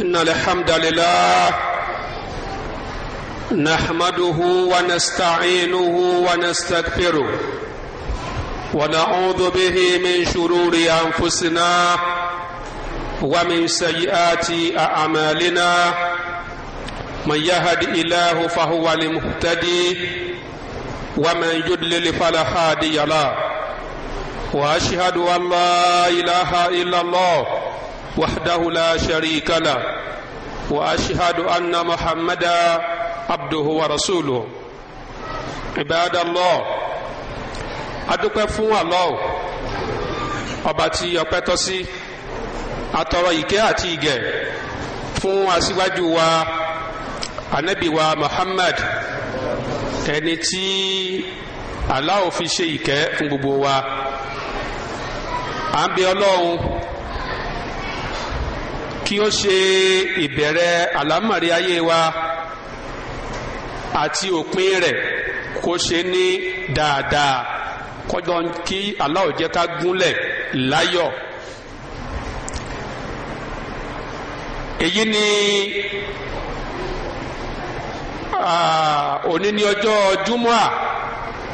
إن الحمد لله نحمده ونستعينه ونستغفره ونعوذ به من شرور أنفسنا ومن سيئات أعمالنا من يهد إله فهو المهتدي ومن يدلل فلا هادي له وأشهد أن لا إله إلا الله وحده لا شريك له واشهد ان محمدا عبده ورسوله عباد الله adúpẹ́ fún Allah ọba tí ọpẹ́ tọ́ sí atọrọ ìkẹ́ àti ìgẹ̀ fún aṣíwájú wa ànábì wa Muhammad ẹni tí Allah fi ṣe ìkẹ́ fún gbogbo wa à ń bẹ Ọlọ́run kí ó ṣe ìbẹ̀rẹ̀ àlámọ̀rí ayé wa àti òpin rẹ̀ kó ṣe ní dáadáa kọjọ kí Allah ó jẹ́ ká gúnlẹ̀ láyọ̀ èyí ni òní ní ọjọ́ júmọ́à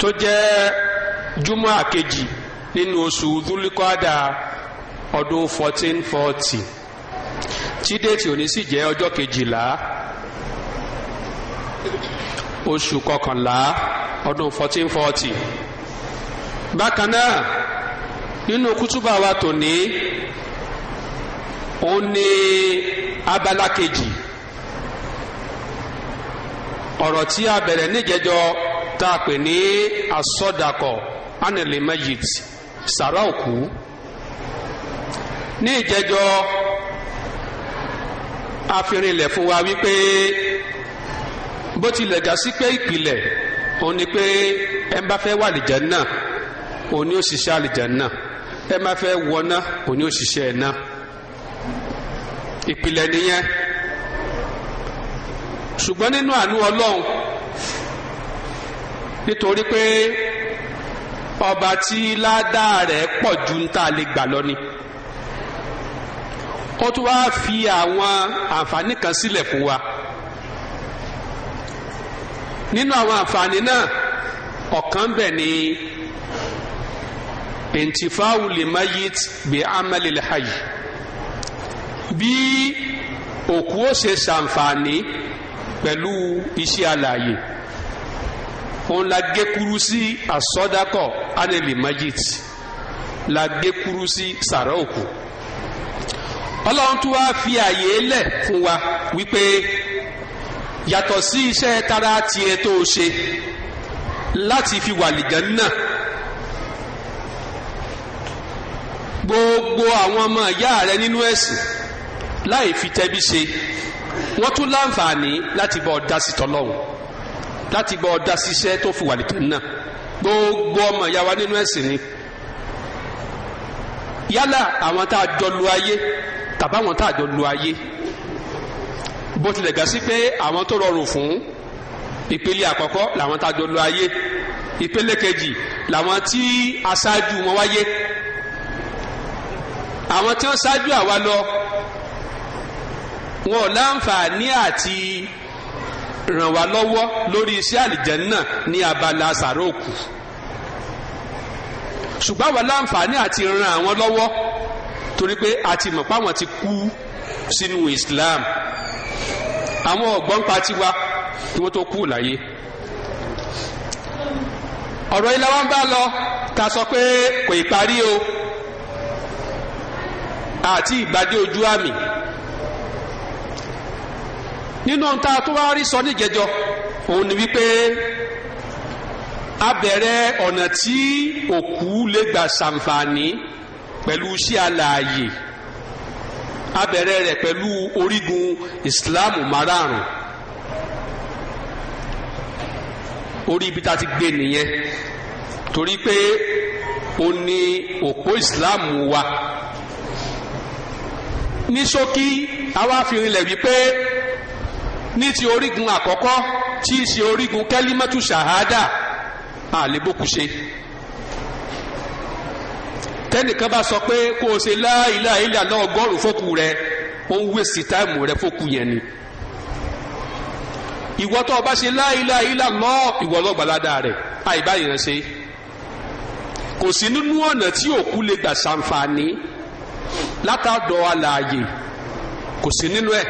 tó jẹ́ júmọ́à kejì nínú oṣù Dhulikada ọdún fourteen forty tí déètì òní sì jẹ́ ọjọ́ kejìlá oṣù kọkànlá ọdún fourteen forty bákan náà nínú kútúbà wa tòní òun ní abala kejì ọ̀rọ̀ tí a bẹ̀rẹ̀ níjẹjọ tá a pè ní asọ́dakọ̀ anilẹ̀ mẹ́yìtì òkú ní ìjẹjọ a fi rinlẹ̀ fún wa wípé bó tilẹ̀ ga sí pé ìpìlẹ̀ òun ni pé ẹ bá fẹ́ wà àlìjánnà òun ni ó ṣiṣẹ́ àlìjánnà ẹ má fẹ́ wọná òun ni ó ṣiṣẹ́ ẹ̀ná ìpìlẹ̀ nìyẹn ṣùgbọ́n nínú àánú ọlọ́run nítorí pé ọba tí ládàá rẹ̀ pọ̀ ju ń tà lè gbà lọ ni. Pe, ó tún wá fi àwọn àǹfààní kan sílẹ̀ fún wa nínú àwọn àǹfààní náà ọ̀kan bẹ̀ ni intifawu limayit bi amali lhayi bí òkú ó ṣe ṣàǹfààní pẹ̀lú iṣẹ́ alààyè òun la gé kuru sí asọ́dákọ̀ anilimayit la gé kuru sí sàrà òkú ọlọ́run tún wáá fi àyè lẹ̀ fún wa wípé yàtọ̀ sí iṣẹ́ tara tiẹ̀ tó o ṣe láti fi wà lìgán náà gbogbo àwọn ọmọ ìyá rẹ nínú ẹ̀sìn láì fi tẹ́bí ṣe wọ́n tún láǹfààní láti bọ́ ọ dá sí tọ́lọ́hún láti bọ́ ọ síṣẹ́ tó fi wà lìgán náà gbogbo ọmọ ìyá wa nínú ẹ̀sìn ni yálà àwọn tá a jọ lu ayé tàbáwọn tá àjọ lu ayé bó tilẹ̀ gà sí pé àwọn tó rọrùn fún ìpele àkọ́kọ́ làwọn tá àjọ lu ayé ìpele kejì làwọn tí aṣáájú wọn wáyé àwọn tí wọ́n ṣáájú àwa lọ wọn ò láǹfààní àti ràn wá lọ́wọ́ lórí iṣẹ́ àlìjẹ́nà ní abala sàróòkù ṣùgbọ́n àwa láǹfààní àti ràn àwọn lọ́wọ́ torí pé a ti mọ̀ páwọn ti kú sínú Islam àwọn ọ̀gbọ́n pa tiwa kí wọ́n tó kú láyé ọ̀rọ̀ ilé wa ń bá lọ ta sọ pé kò ì parí o àti ìgbàdé ojú àmì nínú ohun tá a tó wá rí sọ níjẹjọ òun ni wípé a ọ̀nà tí òkú lè gbà ṣàǹfààní pẹ̀lú sí àlàyé a bẹ̀rẹ̀ rẹ̀ pẹ̀lú orígun ìsìláàmù márààrún orí ibi tá a ti gbé nìyẹn torí pé ó ní òpó ìsìláàmù wa ní ṣókí àwa fi rinlẹ̀ wípé ní ti orígun àkọ́kọ́ tí í ṣe orígun kẹ́límẹ́tù ṣàhádà àlébókùṣe. Ah, tẹ́nìkan bá sọ pé kó o ṣe láìlà ilà náà ọgọ́rùn fókù rẹ ó ń wèsì táìmù rẹ fókù yẹn ni ìwọ tó o bá ṣe láìlà ilà náà ìwọ lọ́gbàládà rẹ àìbáyìí rẹ ṣe kò sí nínú ọ̀nà tí òkú lè gbà ṣàǹfààní látàdọ̀ alààyè kò sí nínú ẹ̀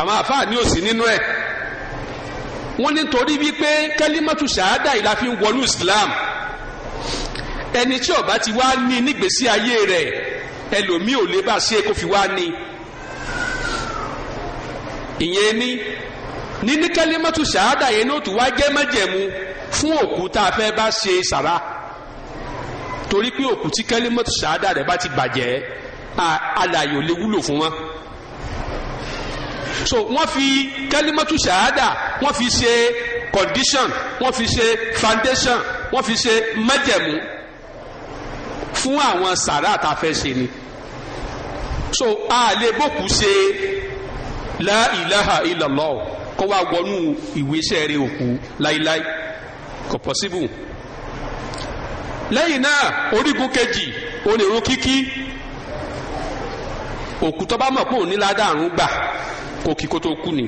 àwọn àfáàní ò sí nínú ẹ̀ wọ́n nítorí wípé kẹ́límọ́tù ṣàádà ìlàfi wọnú Islam ẹni tí ó bá ti wá ní nígbésí ayé rẹ̀ ẹlòmíì ò lè bá ṣe kó fi wá ní. ìyẹn ni níní kẹ́límọ́tù ṣáádà yẹn ní òtún wá jẹ́ májẹ̀mú fún òkú tá a fẹ́ bá ṣe sàrà torí pé òkú tí kẹ́límọ́tù ṣáádà rẹ̀ bá ti bàjẹ́ alàyè ò lè wúlò fún wọn so wọ́n fi kẹ́límọ́tù ṣáádà wọ́n fi ṣe condition wọ́n fi ṣe foundation wọ́n fi ṣe májẹ̀mú fún àwọn sàrà tá a fẹ́ ṣe ni so a lè bókù ṣe la ilaha illallah kó wá wọnú ìwé iṣẹ́ rẹ̀ òkú láíláí kò possible lẹ́yìn náà orígun kejì onírun kíkí òkú tó bá mọ̀ pé òní ládàrún gbà kò kí kó tó kú ni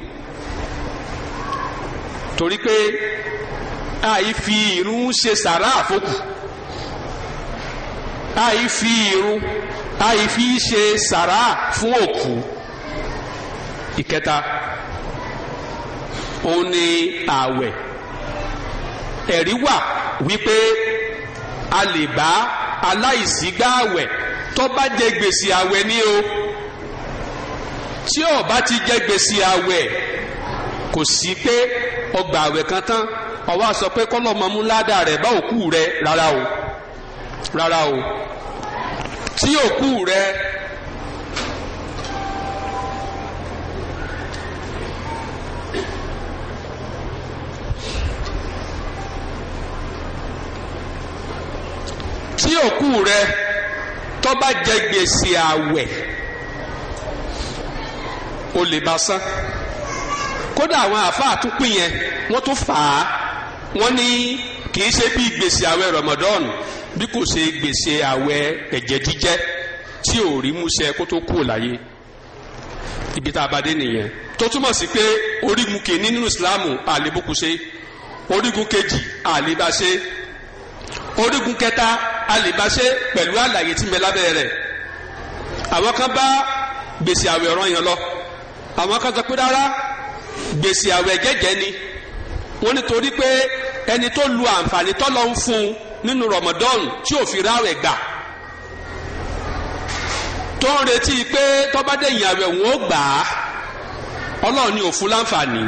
torí pé àì fi ìrun ṣe sàrà àfọkù àì fi irun àì fi ṣe sàrà fún òkú ìkẹta òun ni ààwẹ̀ ẹ̀rí wà wípé a lè bá aláìsí gbá ààwẹ̀ tó bá jẹ gbèsè ààwẹ̀ ni o tí ó bá ti jẹ gbèsè ààwẹ̀ kò sí pé ọgbà ààwẹ̀ kan tán ó pé kọ́lọ́mọmú ládàá rẹ̀ bá òkú rẹ̀ rárá o rárá o tí òkú rẹ tí òkú rẹ tó bá jẹ gbèsè àwẹ̀ o lè bá san kódà àwọn àáfàá tún pín yẹn wọ́n tún fà á wọ́n ní kì í ṣe bí gbèsè àwẹ̀ rọmọdọ́ọ̀nù bí kò ṣe gbèsè àwẹ̀ ẹ̀jẹ̀ jíjẹ́ tí ò rí múṣẹ kó tó kú láyé ibi tá a bá dé nìyẹn tó túmọ̀ sí pé orígun kìíní nínú ìsìláàmù àlébùkù ṣe orígun kejì àlébà ṣe orígun kẹta àlébà pẹ̀lú àlàyé tí mẹ lábẹ́ rẹ̀ àwọn kan bá gbèsè àwẹ̀ ọ̀ràn yẹn lọ àwọn kan sọ pé rárá gbèsè àwẹ̀ jẹ́jẹ́ ni wọ́n nítorí pé ẹni tó lu àǹfààní tọ́lọ́ ń fún un nínú Ramadan tí ò fi ráwẹ̀ gbà tó ń retí pé tọ́bádé ìyàwó òun ó gbà á Ọlọ́run ni ó fún láǹfààní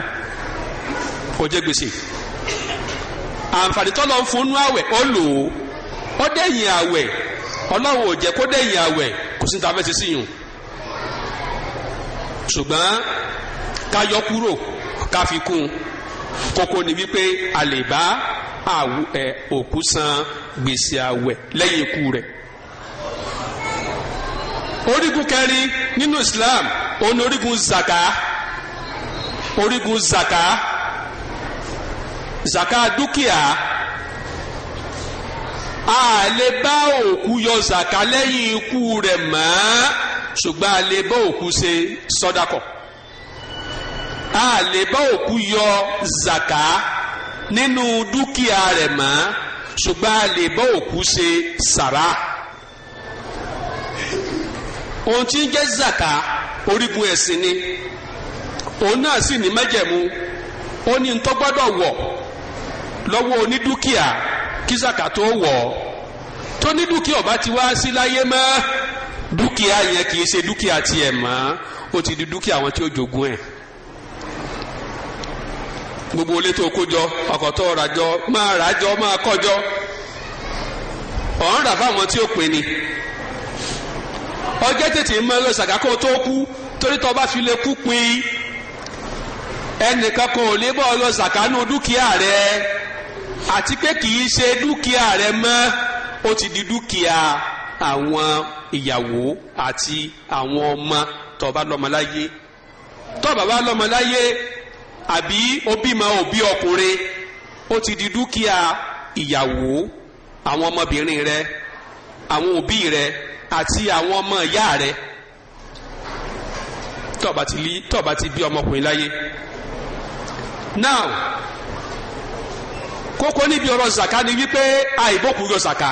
kò jẹ gbèsè àǹfààní tọ́lọ́ ń fún nú àwẹ̀ ó lò ó ó dẹ̀yìn àwẹ̀ Ọlọ́run ò jẹ́ kó dẹ̀yìn àwẹ̀ kò sí ní ta fẹ́ ṣe sí ṣùgbọ́n ká yọ kúrò ká fi kún kókó ni wípé a bá òkú san gbèsè àwẹ̀ lẹ́yìn ikú rẹ̀ orígun kẹrin nínú Islam òun orígun zaka orígun zaka zaka dúkìá a lè bá òkú yọ zaka lẹ́yìn ikú rẹ̀ mọ́ ṣùgbọ́n a lè bá òkú ṣe sọ́dákọ̀ a bá òkú yọ zaka nínú dúkìá rẹ̀ mọ́ ṣùgbọ́n a lè bọ́ òkú ṣe sàrà ohun tí ń jẹ́ zaka orígun ẹ̀sìn ni òun náà sì ní májẹ̀mú ó ní ń tó gbọ́dọ̀ wọ̀ lọ́wọ́ onídúkìá kí zaka tó wọ̀ tó ní dúkìá ọba ti wá sí láyé mọ́ dúkìá yẹn kì í ṣe dúkìá tiẹ̀ mọ́ ó ti di dúkìá àwọn tí ó jogún ẹ̀ gbogbo olé tó kójọ ọkọ̀tọ̀ ràjọ máa ràjọ máa kọjọ ọ̀hún rà fáwọn tí ó pin ni ọjọ́ tètè mọ́ lọ ṣàkàkọ́ tó kú torí tó bá fi lè kú pin ẹnìkan kan ò lè bọ́ lọ ṣàkánú dúkìá rẹ àti pé kì í ṣe dúkìá rẹ mọ́ ó ti di dúkìá àwọn ìyàwó àti àwọn ọmọ tó bá lọ́mọ láyé tó bá bá lọ́mọ láyé àbí ó bímọ òbí ọkùnrin ó ti di dúkìá ìyàwó àwọn ọmọbìnrin rẹ àwọn òbí rẹ àti àwọn ọmọ ìyá rẹ tọ́ọ̀bá ti lí tọ́ọ̀bá ti bí ọmọkùnrin láyé now kókó níbi ọ̀rọ̀ zaka ni wípé àìbókù yọ zaka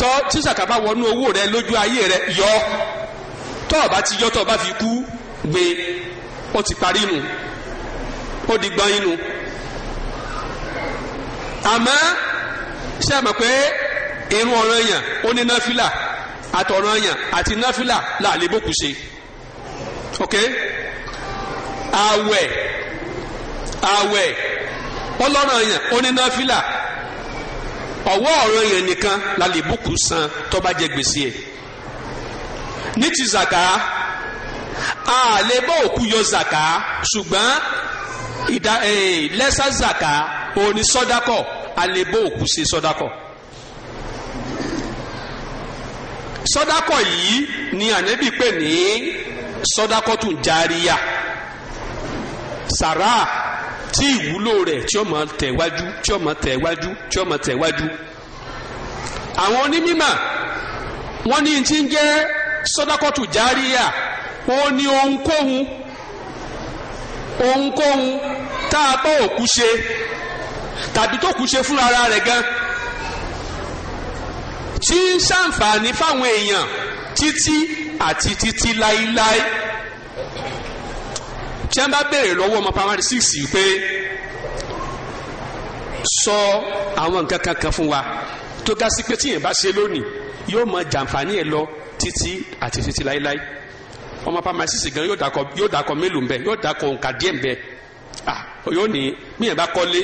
tọ́ tí zaka bá wọnú owó rẹ lójú ayé rẹ yọ tọ́ọ̀bá ti yọ tọ́ọ̀bá fi kú gbé ó ti parí nu ó di gbọ́n inú àmọ́ ṣe mọ̀ pé irun ọ̀ràn èèyàn ó ní náfìlà àtọ̀ràn èèyàn àti náfìlà láàlẹ́ bókù ṣe ok àwẹ̀ àwẹ̀ ọlọ́ràn èèyàn ó ní náfìlà ọ̀wọ́ ọ̀ràn èèyàn nìkan láàlẹ́ bókù san tó bá jẹ gbèsè ẹ̀ ní ti zàkà a lè bọ́ òkú yọ zaka ṣùgbọ́n ìdá lẹ́sà zaka òní sọ́dákọ̀ a lè bọ́ òkú ṣe sọ́dákọ̀. sọ́dákọ̀ yìí ni ànábì pè ní sọ́dákọ̀ tún járíyà sàrà tí ìwúlò rẹ̀ tí ó máa tẹ̀ wájú tí ó máa tẹ̀ wájú tí ó máa tẹ̀ wájú. àwọn onímọ̀ wọ́n ní ti ń jẹ́ sọ́dákọ̀ tún járíyà ó ní ohunkóhun ohunkóhun tá a bá òkú ṣe tàbí tó kú ṣe fúnra ara rẹ̀ gan tí ń ṣàǹfààní fáwọn èèyàn títí àti títí láíláí tí wọ́n bá béèrè lọ́wọ́ ọmọ primary six pé sọ àwọn nǹkan kankan fún wa tó ga sí pé tíyẹn bá ṣe lónìí yóò mọ jàǹfààní ẹ̀ lọ títí àti títí láíláí ọmọ pharmacist gan yóò dakọ yóò dakọ mélòó nbẹ yóò dakọ nǹka díẹ̀ nbẹ ah yóò ní míyàn bá kọ́lé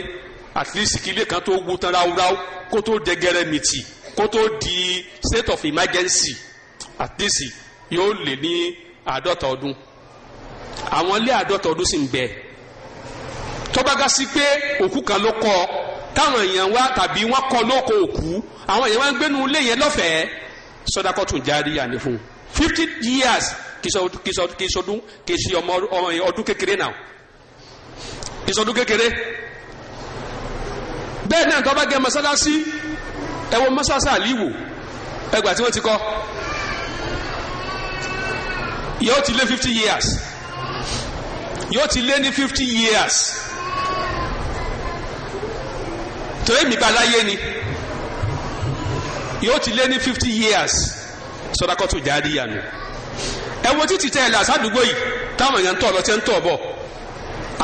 at least kílé kan tó wú tán ráúráú kó tó dẹgẹrẹ mìtì kó tó di state of emergency at least yóò lé ní àádọ́ta ọdún àwọn ilé àádọ́ta ọdún sì ń bẹ tọ́bágá sí pé òkú kan ló kọ́ táwọn èèyàn wá tàbí wọ́n kọ́ lóko òkú àwọn èèyàn wá ń gbénu ilé yẹn lọ́fẹ̀ẹ́ sọ́dákọ́ tún járíyà ní fún fifty years kìsọdún kìsì ọmọ ọdún kékeré náà kìsọdún kékeré bẹ́ẹ̀ náà tó bá gẹ mọ́sálásí ẹ wo mọ́sálásí àlìwò ẹgbà tí wọ́n ti kọ́ yóò ti lé fifty years yóò ti lé ní fifty years torí mi bá láyé ni yóò ti lé ní fifty years sọdakọ́tù jáde yànnú ẹ wo títì tẹ́ ẹ là sádùúgbò yìí táwọn èèyàn ń tọ̀ lọ tí ń tọ̀ bọ̀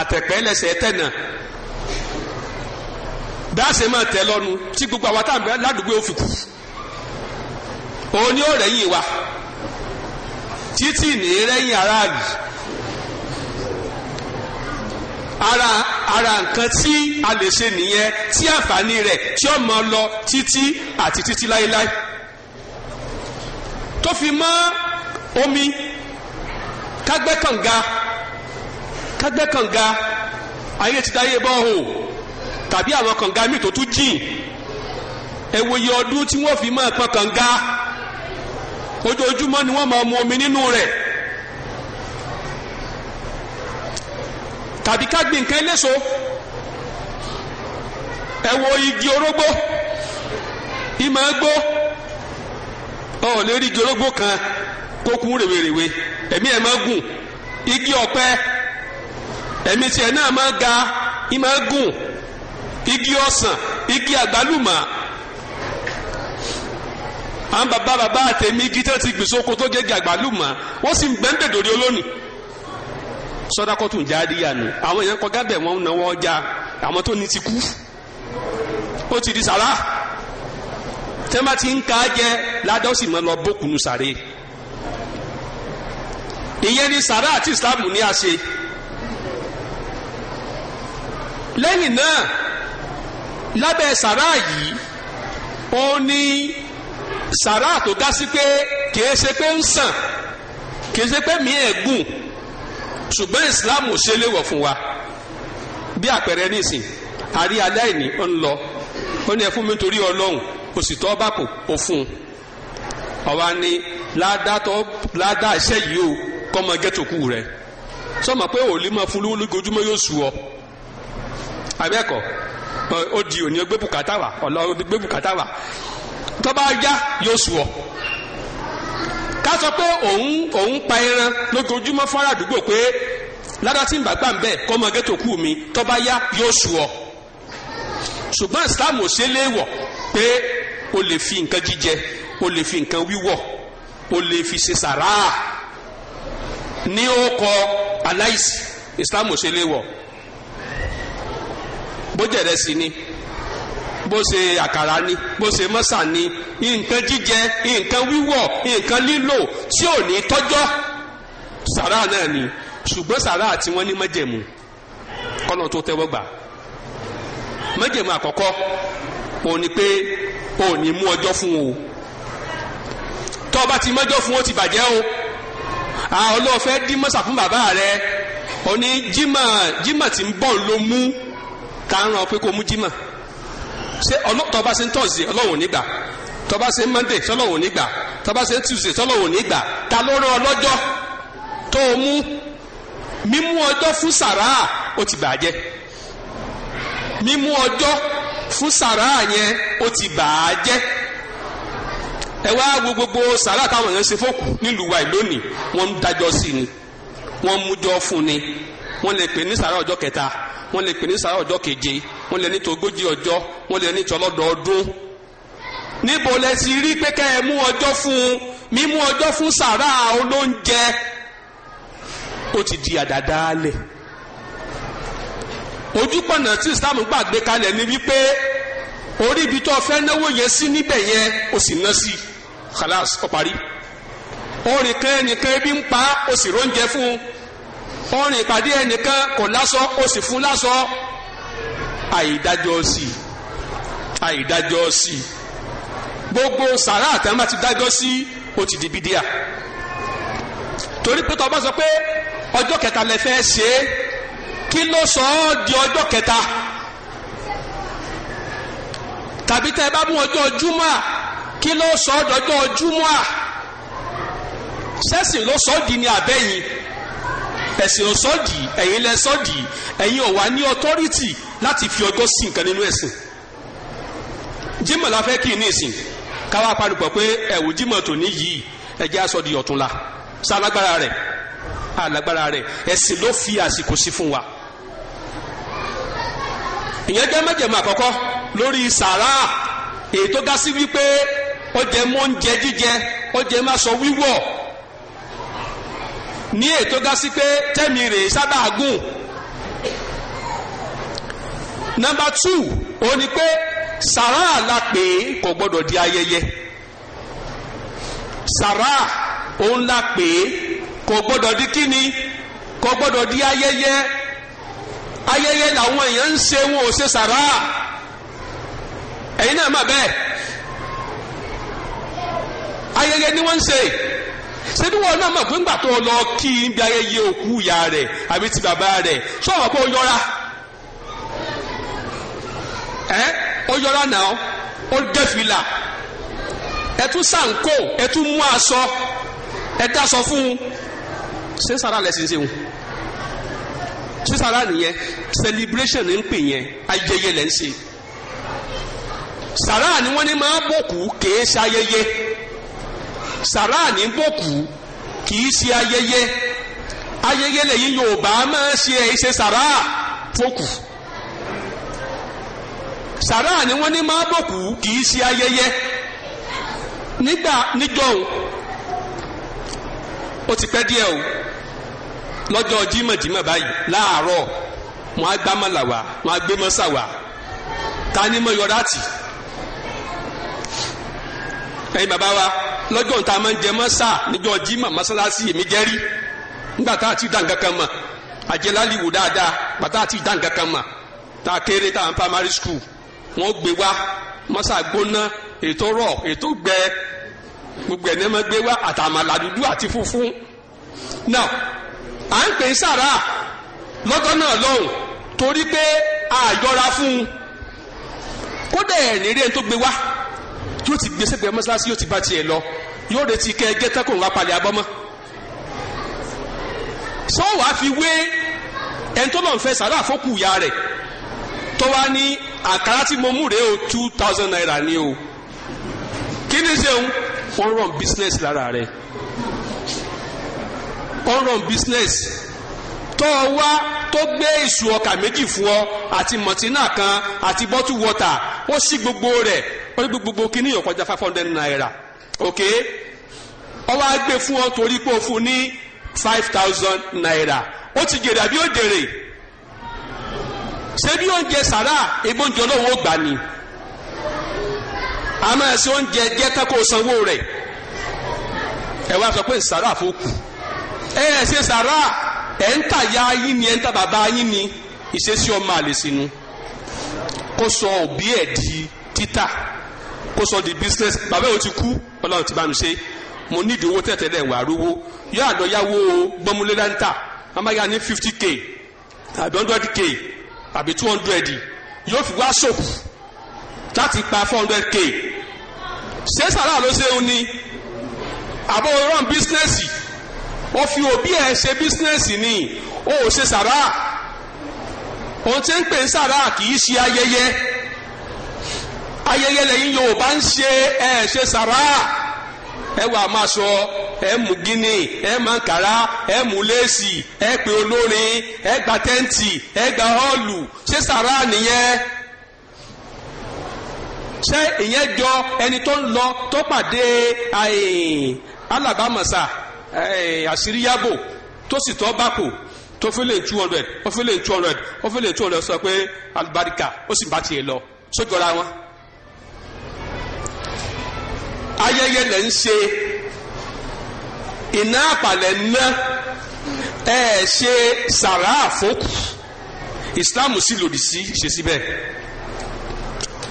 àtẹ̀pẹ́ lẹ́sẹ̀ tẹ̀nà dáàsì máa tẹ̀ lọ́nu tí gbogbo àwa táwọn bẹ́ẹ̀ ládùúgbò ó fi kú òun ni ó rẹ̀yìn wa títì ní rẹ́yìn aráàlú ara ara nǹkan tí a lè ṣe nìyẹn tí àǹfààní rẹ̀ tí ó mọ lọ títí àti títí láéláé tó fi mọ́ omi kagbe kànga kágbẹ́ kànga ayé ti dáyé bọ́ọ̀hùn tàbí àwọn kànga míì tó tún jìn iye ọdún tí wọ́n fi máa pọn kànga ojoojúmọ́ ni wọ́n máa mu omi nínú rẹ̀ tàbí ká nǹkan eléso ẹ igi orógbó ìmọ̀ ẹgbó ọ̀ lè rí igi orógbó kan. kó kú rèwerèwe ẹ̀mí ẹ̀ máa gùn igi ọ̀pẹ ẹ̀mí tiẹ̀ náà máa ga ẹ̀ máa gùn igi ọsàn igi àgbálùmọ̀ àwọn bàbá bàbá àtẹ̀mí igi tẹ́ ti gbìn sóko tó gẹ́gẹ́ àgbálùmọ̀ wọ́n sì ń bẹ́ńbẹ̀ dòrí olónìí sọdakọtù jáadíyà ni àwọn èèyàn kọjá bẹ̀ wọ́n náwó ọjà àwọn tó ní ti kú ó ti di sàrà bá ti ń lọ ìyẹn ni sàrà àti islam ní a ṣe lẹ́yìn náà lábẹ́ sàrà yìí ó ní sàrà tó dá sí pé kìí ṣe pé ń sàn kìí ṣe pé mìíràn gùn ṣùgbọ́n islam ò ṣe léwọ̀ fún wa bí àpẹẹrẹ nísìn àrí aláìní ń lọ ó ní ẹ fún mi torí ọlọ́run kò sì tọ́ bá kò ó ni ládàá iṣẹ́ yìí o kọ́ máa gẹ́tò kú rẹ sọ́mà pé òòlì máa fún lójoojúmọ́ yóò sù ọ́ abẹ́kọ̀ ó di òní gbé bùkátà wà ọ̀la gbé bùkátà wà tó bá yá yóò sù ọ́ ká sọ pé òun òun pa ẹran lójoojúmọ́ fún àràdúgbò pé ládàtí ìgbàgbà ń bẹ kọ́ máa gẹ́tò mi tó bá yóò sù ọ́ ṣùgbọ́n Islam ò ṣe léèwọ̀ pé o lè fi nǹkan jíjẹ o lè fi nǹkan wíwọ̀ o lè fi ṣe sàráà ní ó kọ aláìsí islam ò ṣe lé wọ bó jẹrẹ sí ni bó ṣe àkàrà ni bó ṣe mọ́sà ni nǹkan jíjẹ nǹkan wíwọ̀ nǹkan lílò tí ò ní tọ́jọ́ sàrà náà ni ṣùgbọ́n sàrà tí wọ́n ní májẹ̀mú kọ́nà tó tẹ́wọ́ gbà májẹ̀mú àkọ́kọ́ òun ni pé òun ní mú ọjọ́ fún o tọ́ ọ bá ti mọ́jọ́ fún o ti bàjẹ́ o. olóò ah, fẹ́ dí mọ́sà fún bàbá rẹ òní jimá jimá ti ń bọ̀ ló mú tá a ràn pé kó mú jimá ṣé tọ́ba ṣe ń tọ̀sí ọlọ́run nígbà tọ́ba ṣe ń monday sọlọ́run nígbà tọ́ba ṣe ń tuesday sọlọ́run nígbà ta ló rán ọ tó o mú mímú ọjọ́ fún sàrà ó ti bàjẹ́ mímú ọjọ́ fún sàrà yẹn ó ti bàjẹ́. ẹ wá wo gbogbo sàrà táwọn èèyàn ṣe fókù nílùú wa lónìí wọ́n ń dájọ́ sí ni wọ́n mú jọ fún ni wọ́n lè pè ní sàrà ọjọ́ kẹta wọ́n lè pè ní sàrà ọjọ́ keje wọ́n lè ní togójì ọjọ́ wọ́n lè ní tọlọ́dọọdún níbo lẹ ti rí pé kẹ́ ẹ mú ọjọ́ fún mímú ọjọ́ fún sàrà olóúnjẹ ó ti di àdàdálẹ̀ ojúpọ̀nà tí Islam gbàgbé kalẹ̀ ni wípé orí ibi tó fẹ́ náwó yẹn sí níbẹ̀ yẹn ó sì ná sí i khalas ó parí orin kan ẹnìkan ebi ń pa ó sì róúnjẹ fún un orin ìpàdé ẹnìkan kò lásọ ó sì fún lásọ àìdájọ́ sí àìdájọ́ sí gbogbo sàrà àtàwọn bá ti dájọ́ sí ó ti di bídíà torí pé tó bá sọ pé ọjọ́ kẹta lẹ fẹ́ ṣe é kí ló sọ ọ́ di ọjọ́ kẹta tàbí tẹ́ ẹ bá mú ọjọ́ júmọ́ kí ló sọ ọ́ dọ́jọ́ júmọ́ à sẹ́sìn ló sọ ọ́ di ni àbẹ́yìn ẹ̀sìn ò sọ di ẹ̀yin lẹ sọ ọ́ di ẹ̀yin ò wá ní ọtọ́rìtì láti fi ọjọ́ sí nǹkan nínú ẹ̀sìn jímọ̀ la fẹ́ kí ní ìsìn káwá parupọ̀ pé ẹ̀wù jímọ̀ tò ní yìí ẹ̀jẹ̀ aṣọ di ọ̀túnla sálágbára rẹ̀ alágbára rẹ̀ ẹ̀sìn ló fi àsìkò sí fún wa ìyẹn jẹ́ mẹ́jẹ̀mọ́ àkọ́kọ́ lórí sàrà èyí tó dá sí wípé ó jẹ mọ́ oúnjẹ jíjẹ ó jẹ má sọ wíwọ̀ ní ètò gásí pé tẹ́mi rèé sábà gùn nọmba two ó ní pé sàrà la pè é kò gbọdọ̀ di ayẹyẹ sàrà òun la pè é kò gbọdọ̀ di kíni kò gbọdọ di ayẹyẹ ayẹyẹ làwọn èèyàn ń ṣe wọn ò ṣe sàrà ẹ̀yin náà mà bẹ́ẹ̀. ayẹyẹ ni wọ́n ń ṣe ṣebí wọn náà mọ̀ pé ńgbà tó lọ kí n bí ayẹyẹ òkú ìyá rẹ̀ àbí ti bàbá rẹ̀ sọ̀rọ̀ pé ó yọra ẹ ó yọra náà ó dé fìlà ẹ tún sànkó ẹ tún mú aṣọ ẹ dáṣọ fún un ṣé sara lẹ́sìn ṣe wọn ṣé sara nìyẹn celebration ń pè yẹn ayẹyẹ lẹ́ ń ṣe sara ni wọ́n ní máa bòkú kèé ṣayẹyẹ sàrà ní bòkú kì í ṣe ayẹyẹ ayẹyẹ lẹ́yìn Yorùbá máa ń ṣe ẹ̀ ṣe sàrà fòkù sàrà ni wọ́n ní máa bòkú kì í ṣe ayẹyẹ nígbà níjọ́un ó ti pẹ́ díẹ̀ o lọ́jọ́ jímọ̀jímọ̀ báyìí láàárọ̀ wọ́n á gbámọ̀là wá wọ́n á gbé mọ́sà wá ta ni mo yọ̀dá tì ẹ̀yin bàbá wa. lọ́jọ́ tá a máa ń jẹ mọ́sá níjọ́ jimá mọ́sálásí èmi jẹ́ nígbà tá a ti dàn kankan mọ̀ àjẹlálì wò dáadáa tá a ti dàn kankan mọ̀ tá a kéré tá a ń primary school wọ́n gbé wá mọ́sá gbóná ètò rọ̀ ètò gbogbo ẹ̀ ma gbé wá àtàmàlà dúdú àti funfun náà à ń pè é sàrà lọ́jọ́ náà lọ́hùn yóò ti gbèsè gbẹ mọ́sálásí yóò ti bá tiẹ̀ lọ yóò retí kẹ́ ẹgẹ́ tán kò ń wá palẹ̀ abọ́mọ́. sọ wàá fi wé ẹni tó lọ́n fẹ́ sàrà fókù ìyá rẹ̀ tó wá ní àkàrà tí mo mú rèé o two thousand naira ni o kí ni ṣe ń wọ́n run business lára rẹ̀ wọ́n run business. tó o wá tó gbé ìṣù ọkà méjì fún ọ àti mọ̀tínà kan àti bọ́tù wọ́tà ó sì gbogbo rẹ̀ ó ní gbogbo kíní yóò kọjá five hundred naira ok ó wá gbé fún ọ torí pé o fún ní five thousand naira ó ti jèrè àbí ó jèrè ṣé bí oúnjẹ sàrà ìbóúnjẹ olówó gbà ni àmọ́ ẹ̀sìn oúnjẹ jẹ́ kákó sanwó rẹ̀ ẹ wá sọ pé sàrà fún kù ẹ ẹ ṣe sàrà. ẹ̀ ya yín ni ẹ̀ ń tà bàbá yín ni ìṣesí ọmọ àlè sínú kó sọ òbí ẹ̀ di títà kó sọ di business bàbá yóò ti kú ọlọ́run ti bá mi ṣe mo ní ìdínwó tẹ̀tẹ̀lẹ̀ wà rúwó yóò àdọ́yàwó gbọ́múlé láńtà yà ní fifty k àbí hundred k àbí two hundred yóò fi wá ṣòkù láti pa four hundred k ṣé sàrà ló ṣe ń ní àbọ̀ òórùn bísínẹ́sì ó fi òbí ẹ̀ ṣe bísínẹ́sì ni ó ò ṣe sàrà òun ti ń pè ń sàrà kì í ṣe ayẹyẹ ayẹyẹ lẹ́yìn Yorùbá ń ṣe ẹ̀ ṣe sàrà ẹ wà máa sọ ẹ mú gíní ẹ mú àǹkárá ẹ mú léèsì ẹ pè olórin ẹ gba tẹ́ǹtì ẹ gba họ́ọ̀lù ṣé sàrà nìyẹn ṣé ìyẹn jọ ẹni tó ń lọ tó pàdé alàbámọ̀sà àṣírí yábò tó sì tọ́ bákò tó fi lè two hundred ó fi lè two hundred ó fi lè two hundred sọ pé alibarika ó sì bá tiẹ̀ lọ sójọra wọn. ayẹyẹ lẹ ń ṣe iná àpàlẹ̀ ná ẹ ṣe sàrà àfọkù islam sì lòdì sí ṣe síbẹ̀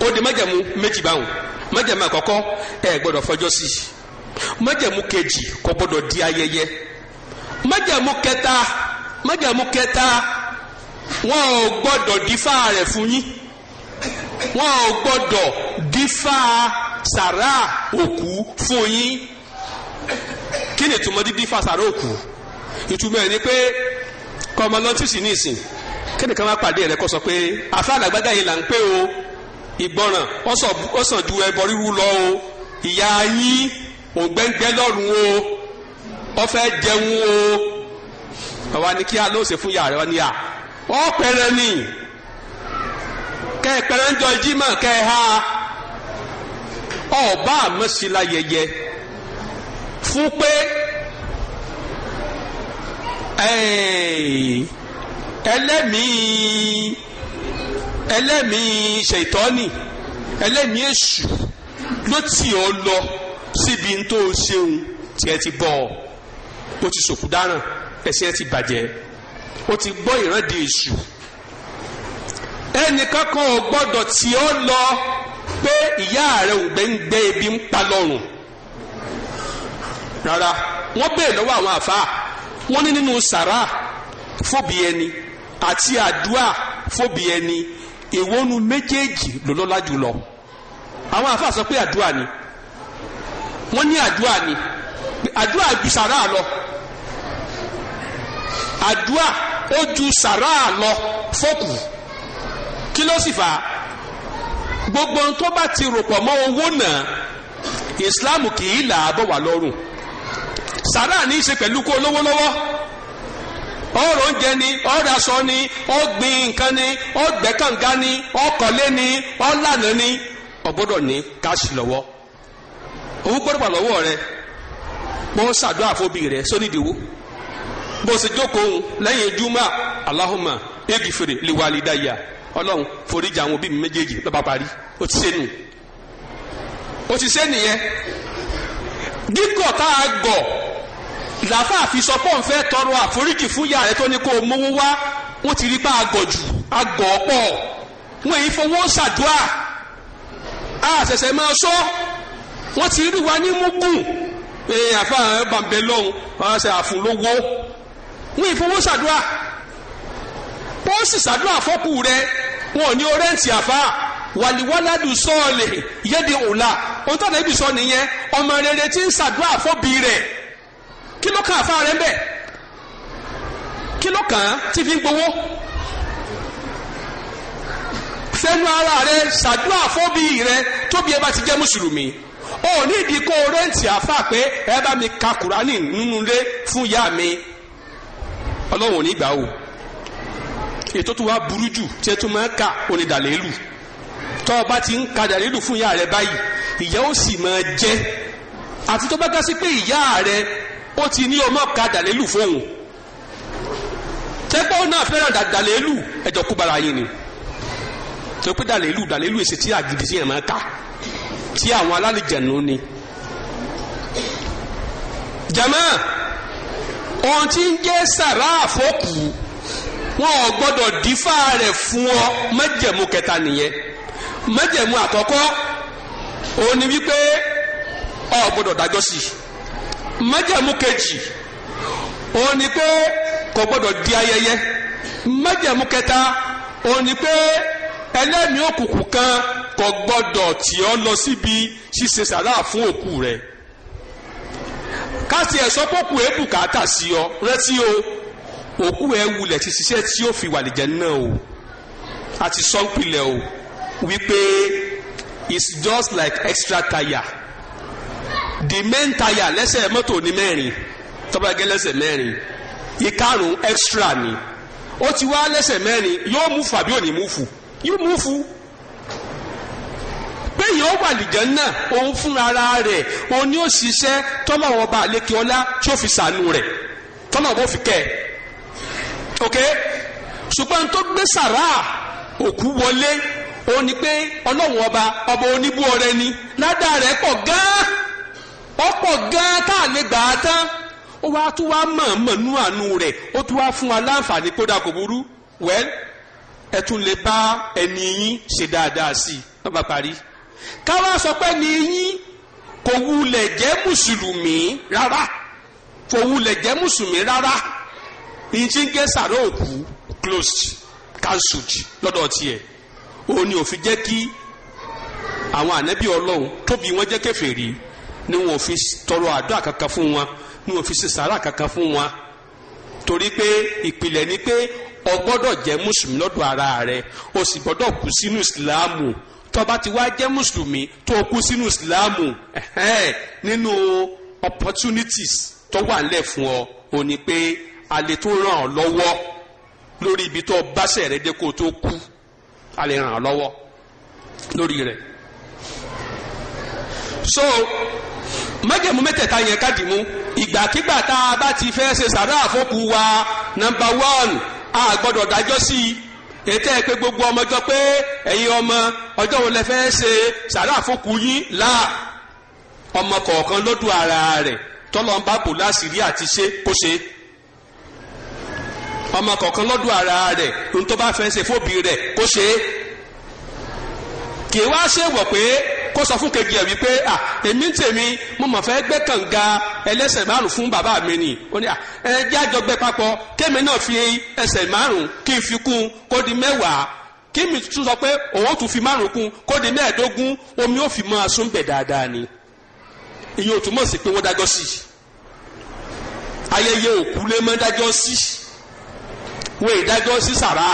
ó di májẹ̀mú méjì báwọn májẹ̀mú àkọ́kọ́ ẹ gbọ́dọ̀ fọjọ́ sí i májẹ̀mú kejì kò gbọ́dọ̀ di ayẹyẹ májẹ̀mú kẹta májẹ̀mú kẹta wọn ò gbọ́dọ̀ dífá rẹ̀ fún yín wọn ò gbọ́dọ̀ dífá sàrà òkú fún yín kí ni ìtumọ̀ dídí fa sàrà òkú ìtumọ̀ ẹ̀ ni pé kọ́mọ lọ́tíìsì ní ìsìn kéde kan wá pàdé rẹ kó sọ pé àfa àgbàgbà yìí là ń pè o ìgbọràn ọsàn ju ẹbọ rírú lọ o ìyá yín ògbẹ́ngbẹ́ lọ́rùn o wọ́n fẹ́ jẹun o àwa ni kí a ló ṣe fún yàrá wọn ni à wọ́n pẹ̀rẹ̀ ni kẹ́ ẹ pẹ̀rẹ̀ ń jọ jímọ̀ kẹ́ ẹ ha ọba àmọ́sílá yẹyẹ fún pé ẹlẹ́mìí ẹlẹ́mìí ṣètọ́nì ẹlẹ́mìí èṣù ló tì ọ́ lọ síbi tó o ṣeun tiẹ̀ ti bọ̀ ọ́ o ti sòkú dáràn ẹ̀sìn ẹ̀ ti bàjẹ́ o ti gbọ́ ìrande èṣù ẹnìkan kan ò gbọ́dọ̀ tí ó lọ pé ìyá rẹ̀ ò gbẹ́ngbẹ́ ebi ń pa lọ́rùn rárá wọ́n bèèrè lọ́wọ́ àwọn àfáà wọ́n ní nínú sàrà fòbí ẹni àti àdúà fòbí ẹni ìwọ́nu méjèèjì ló jùlọ àwọn àfáà sọ pé àdúà ni wọ́n ní àdúrà ni àdúrà ju sàrà lọ àdúrà ó ju sàrà lọ fókù kí ló sì fà á gbogbo ohun tó bá ti rò pọ̀ mọ́ owó náà ìsìláàmù kì í là á bọ̀ wá lọ́rùn sàrà ní í ṣe pẹ̀lú kó lówó lọ́wọ́ ọrọ̀ oúnjẹ ni ọrọ̀ aṣọ ni ọgbìn nǹkan ni ọgbẹ́kànga ni ọkọ̀lé ni ọlànà ni ọ̀gbọ́dọ̀ ní káàṣì lọ́wọ́ owó gbọ́dọ̀ wà lọ́wọ́ rẹ bó ṣàdúrà fóbi rẹ sónídìíwó bó ṣe jókòó lẹ́yìn júmọ́ Allahumma egifere liwalidaya ọlọ́run foríjì àwọn òbí mi méjèèjì lọ́ba parí ó ti ṣe nù ó ti ṣe nìyẹn gígọ̀ tá a gọ̀ làáfà àfi sọ pé òun fẹ́ tọrọ àforíjì fún ìyá rẹ tó ní kó o mówó wá wọ́n ti rí bá a gọ̀ jù a gọ̀ ọ́ pọ̀ wọ́n èyí fọwọ́ ṣàdúrà a ṣẹ̀ṣẹ̀ máa sọ. So wọ́n ti rí wa ní mugun ee àfa bàbẹ lọ́hùn wọ́n ṣe àfúnlówó wọ́n ìfowó ṣàdúrà pọ́ọ̀sì ṣàdúrà fọ́kù rẹ wọn ò ní orẹ́ǹtì àfa wàlíwáládù sọ́ọ̀lẹ̀ yédi òòlà ohun tó àdébì sọ nìyẹn ọmọ rere ti ń ṣàdúrà fọ́bi rẹ̀ kí ló kàn àfa rẹ̀ ń bẹ̀ kí ló kàn án tí fi ń gbowó fẹ́nu ara rẹ̀ ṣàdúrà fọ́bi rẹ̀ tóbi ẹ bá ti jẹ́ mùsùlùmí o ní ìdí kó o rẹ́ǹtì àfà pé ẹ bá mi ka kùránì nínú ilé fún ìyá mi ọlọ́run ò ní gbà o ètò tó wá burú jù tí ẹ tún máa ń kà onídàlélù tọ́ ọ ti ń ka dàlélù fún ìyá rẹ báyìí ìyá ó sì máa jẹ́ àti tó bá gá sí pé ìyá rẹ ó ti ní ọmọ ka dàlélù fóun tẹ́gbọ́n náà fẹ́ràn dàlélù ẹ̀jọ̀ kú bara yín ni tó pé dàlélù dàlélù èsì tí àgìdì sí yẹn máa kà tí àwọn alálìjẹ̀nu ni. jama ohun tí ń jẹ́ sàrà àfọ́kù wọn ò gbọ́dọ̀ dífá rẹ̀ fún ọ májẹ̀mú kẹta nìyẹn májẹ̀mú àkọ́kọ́ òun ni wípé ọ gbọ́dọ̀ dájọ́ sí i májẹ̀mú kejì òun ni pé kò gbọ́dọ̀ di ayẹyẹ májẹ̀mú kẹta òun ni pé ẹlẹ́mìí òkùnkùn kan kò gbọ́dọ̀ tí ọ lọ síbi ṣíṣe sàrà fún òkú rẹ̀ káàsì ẹ̀ sọ pọ́kù sí ọ rẹ́tí o òkú ẹ̀ wulẹ̀ ti ṣiṣẹ́ tí ó fi wà lìjẹ́ náà o àti sọ́ńpìlẹ̀ o wípé it's just like extra tire the main tire lẹ́sẹ̀ mọ́tò ní mẹ́rin tọ́ba gẹ́ lẹ́sẹ̀ mẹ́rin ìkarùn extra ni ó ti wá lẹ́sẹ̀ mẹ́rin yóò mú fàbí ò ní mú fù yóò mú fù péyàn ó wà lìjẹ́ náà òun fún ara rẹ̀ òun ni ó ṣiṣẹ́ tọ́lọ̀ ọba àlekè ọlá tí ó fi sànù rẹ̀ tọ́lọ̀ ọba ó fi kẹ́ ẹ̀ ok ṣùgbọ́n tó gbé sàrà òkú wọlé ó ní pé ọlọ́run ọba ọba oníbú ọrẹ ni ládà rẹ̀ pọ̀ gan-an ó pọ̀ gan-an tá a lè gbà á tán ó wá tún wá mọ̀ọ́mọ̀ nú àánú rẹ̀ ó tún wá fún wa láǹfààní kódà kò burú wẹ́ẹ́ ẹ tún lè bá ẹni yín ṣe dáadáa sí i lọ́ba parí káwá sọ pé ní yín kò wulẹ̀ jẹ́ mùsùlùmí rárá kò wulẹ̀ jẹ́ mùsùlùmí rárá ní tí ń gé sàrò òkú closed cancelled lọ́dọ̀ tiẹ̀ òun ni òfin jẹ́ kí àwọn ànábì ọlọ́run tóbi wọn jẹ́ kèfèrí ni wọn ò fi tọrọ àdúrà kankan fún wọn ni wọn ò fi ṣe sàrà kankan fún wọn torí pé ìpìlẹ̀ ni pé o gbọ́dọ̀ jẹ́ mùsùlùmí lọ́dọ̀ ara rẹ o sì gbọ́dọ̀ kú sínú ìsìláàmù. Si tó bá ti wá jẹ́ mùsùlùmí tó kú sínú ìsìláàmù nínú opportunities tó wà ńlẹ̀ fún ọ ò ní pé a lè tó ràn ọ́ lọ́wọ́ lórí ibi tó báṣẹ̀ rẹ dé kó tó kú a lè ràn ọ́ lọ́wọ́ lórí rẹ̀ so májẹ̀mú mẹ́tẹ̀ẹ̀ta yẹn káàdì mú ìgbàkigbà tá a bá ti fẹ́ ṣe sàrà àfọ́kù wa number one a gbọ́dọ̀ dájọ́ sí i ètò ẹ̀ pé gbogbo ọmọ jọ pé ẹ̀yin ọmọ ọjọ́ wo lẹ fẹ́ ṣe sàrà fòkù yín là ọmọ kọ̀ọ̀kan lọ́dún ara rẹ̀ tọ́lọ́ ń bá bò láṣìírí àti ṣe kó ṣe ọmọ kọ̀ọ̀kan lọ́dún ara rẹ̀ ohun tó bá fẹ́ ṣe fóbi rẹ̀ kó ṣe kì í wá ṣèwọ̀ pé kó sọ fún kejì ẹ̀ wípé à èmi ń tèmi mo mọ̀ fẹ́ gbẹ́ kànga ẹlẹ́sẹ̀ márùn fún bàbá mi ni ó ní à ẹ jẹ́ àjọ gbẹ́ papọ̀ kémi náà fi ẹsẹ̀ márùn kí n fi kún kó di mẹ́wàá kí mi tún sọ pé òun ó tún fi márùn kún kó di mẹ́ẹ̀ẹ́dógún omi ó fi mọ asúnbẹ̀ dáadáa ni ìyẹn ò túmọ̀ sí pé wọ́n dájọ́ sí ayẹyẹ òkú lé mọ́ dájọ́ sí wọ́n ìdájọ́ sí sàrà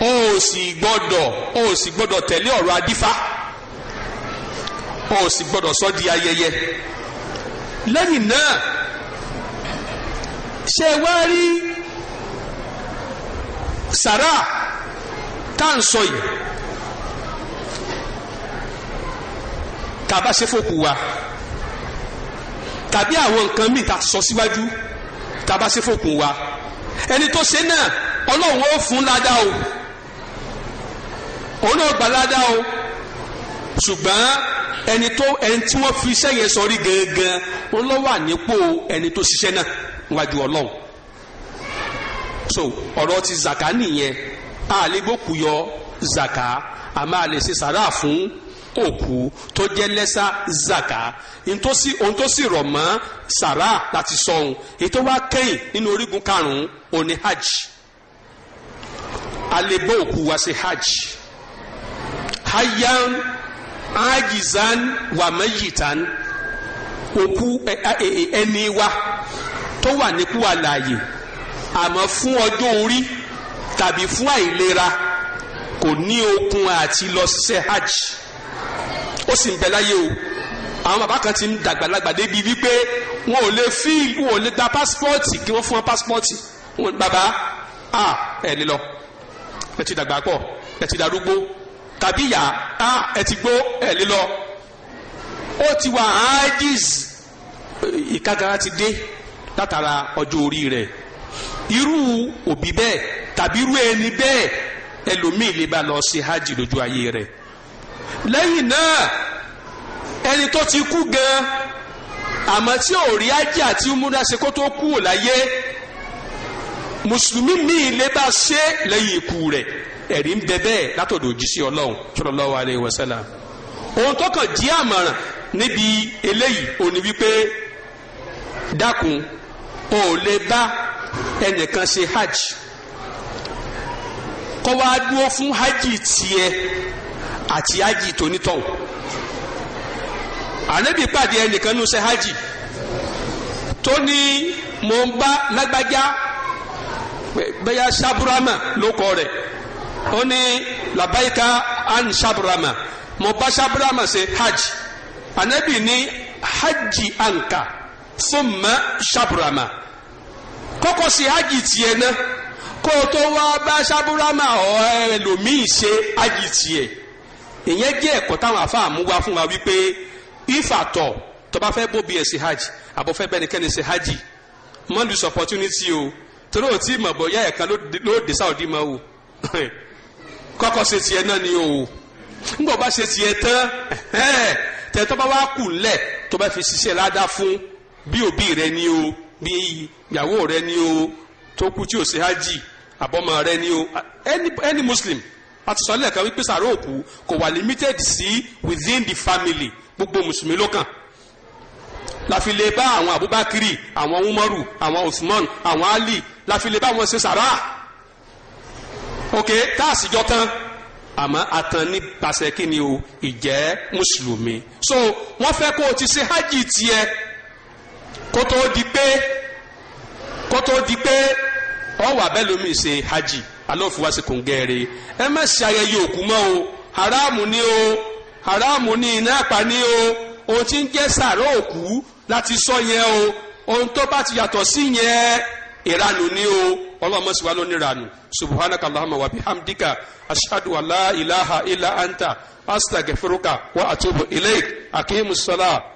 o ò sì gbọ́dọ̀ o ò sì gbọ́dọ̀ tẹ̀lé ọ̀rọ̀ adífá o ò sì gbọ́dọ̀ sọ di ayẹyẹ lẹ́yìn náà ṣe wá rí sàrà tá à ń sọ yìí tàbá ṣe fòkù wa tàbí àwọn nǹkan míì ta sọ síwájú tàbá ṣe fòkù wa ẹni tó ṣe náà ọlọ́run ó fún ládàá o òun náà gbà ládàá o ṣùgbọ́n ẹni tó ẹni tí wọ́n fi iṣẹ́ yẹn sọrí gangan òun ló wà nípò ẹni tó ṣiṣẹ́ náà níwájú ọlọ́run so ọ̀rọ̀ ti zaka nìyẹn a lè gbókù yọ zaka a máa lè ṣe sàrà fún òkú tó jẹ́ lẹ́sà zaka ntòsí ohun tó sì rọ̀ mọ́ sàrà láti sọ̀hún ètò wa kẹ́yìn nínú orígun karùn-ún òní hajj a lè bọ́ òkú wa ṣe hajj hayyan ajizan wa mayitan òkú ẹni wa tó wà níkú àlàyé àmọ́ fún ọjọ́ orí tàbí fún àìlera kò ní okun àti lọ ṣiṣẹ́ hajj ó sì ń bẹ láyé o àwọn bàbá kan ti ń dàgbàlagbà débi wípé wọn ò lè fi wọn ò lè gba pásítọ̀tì kí wọ́n fún wọn pásítọ̀tì wọn bàbá à lọ ẹ ti dàgbà pọ̀ ẹ ti darúgbó tàbí ìyá a ẹ ti gbó ẹ lé lọ ó ti wà ajiz ìkágara ti dé látara ọjọ́ orí rẹ̀ irú òbí bẹ́ẹ̀ tàbí irú ẹni bẹ́ẹ̀ ẹlòmíì lè bá lọ ṣe hajj lójú ayé rẹ̀ lẹ́yìn náà ẹni tó ti kú gan àmọ́ tí ò rí hajj àti umrah kó tó kú ò láyé mùsùlùmí míì lè bá ṣe lẹ́yìn ikú rẹ̀ ẹ̀rí ń bẹ bẹ́ẹ̀ látọ̀dọ̀ òjíṣẹ́ ọlọ́run sallallahu alaihi wasallam ohun tó kàn jí àmọ̀ràn níbi eléyìí ó ní wípé dákun o ò lè bá ẹnìkan ṣe hajj kó wá dúró fún hajj tiẹ̀ àti hajj tónítọ̀hún ànábì pàdé ẹnìkan nù ṣe hajj tó ní mò ń bá lágbájá bẹ́yà sábúrámà ló kọ rẹ̀ ó ní labaika an shabrama mo bá shabrama ṣe hajj anabi ní hajj anka summa shabrama kọ́kọ́ ṣe hajj tiẹ̀ náà kó o tó wá bá shabrama ọ̀ ẹ lòmíì ṣe hajj tiẹ̀ ìyẹn jẹ́ ẹ̀kọ́ táwọn afáàmú wá fún wa wípé ìfàtọ̀ tó bá fẹ́ bóbi ẹ̀ ṣe hajj àbọ̀ fẹ́ bẹ́nikẹ́ni ṣe hajj mọ́ lose opportunity o torí o ti mọ̀ bọ̀ yá ẹ̀ka ló dé sáwọ́dí mọ́ o kọ́kọ́ ṣe tiẹ̀ náà ni o ńgbọ́ bá ṣe tiẹ̀ tán tẹ̀tọ́ bá wá kù lẹ̀ tó bá fi ṣiṣẹ́ ládàá fún bí òbí rẹ ni o bí ìyàwó rẹ ni o tó kú tí o ṣe hájì àbọ̀mọ rẹ ni o any any muslim àti sọlẹ̀ kan wípé sàrà òkú kò wà limited sí within the family gbogbo mùsùlùmí ló kàn láfi lè bá àwọn abubakiri àwọn umaru àwọn usman àwọn ali láfi lè bá wọn ṣe sàrà ok tá a sì jọ tán àmọ́ àtàn nípasẹ̀ kí ni o ìjẹ́ mùsùlùmí so wọ́n fẹ́ kó o ti ṣe hajj tiẹ̀ kó tó di pé kó tó di pé ọ wà bẹ́ẹ̀ lómi ṣe hajj alóòfúwàsí kò ń gẹ́rẹ́ ẹ má ṣe ayẹyẹ òkú mọ́ o haramu ni o haramu ni iná àpá ni o ohun tí ń jẹ́ sàárọ̀ òkú láti sọ yẹn o ohun tó bá ti yàtọ̀ sí yẹn ìranù ni o ọlọ́mọ sì wá lónìí ranù subhanaka allahumma wa bihamdika ashhadu an la ilaha illa anta astaghfiruka wa atubu ilayk aqimus salah.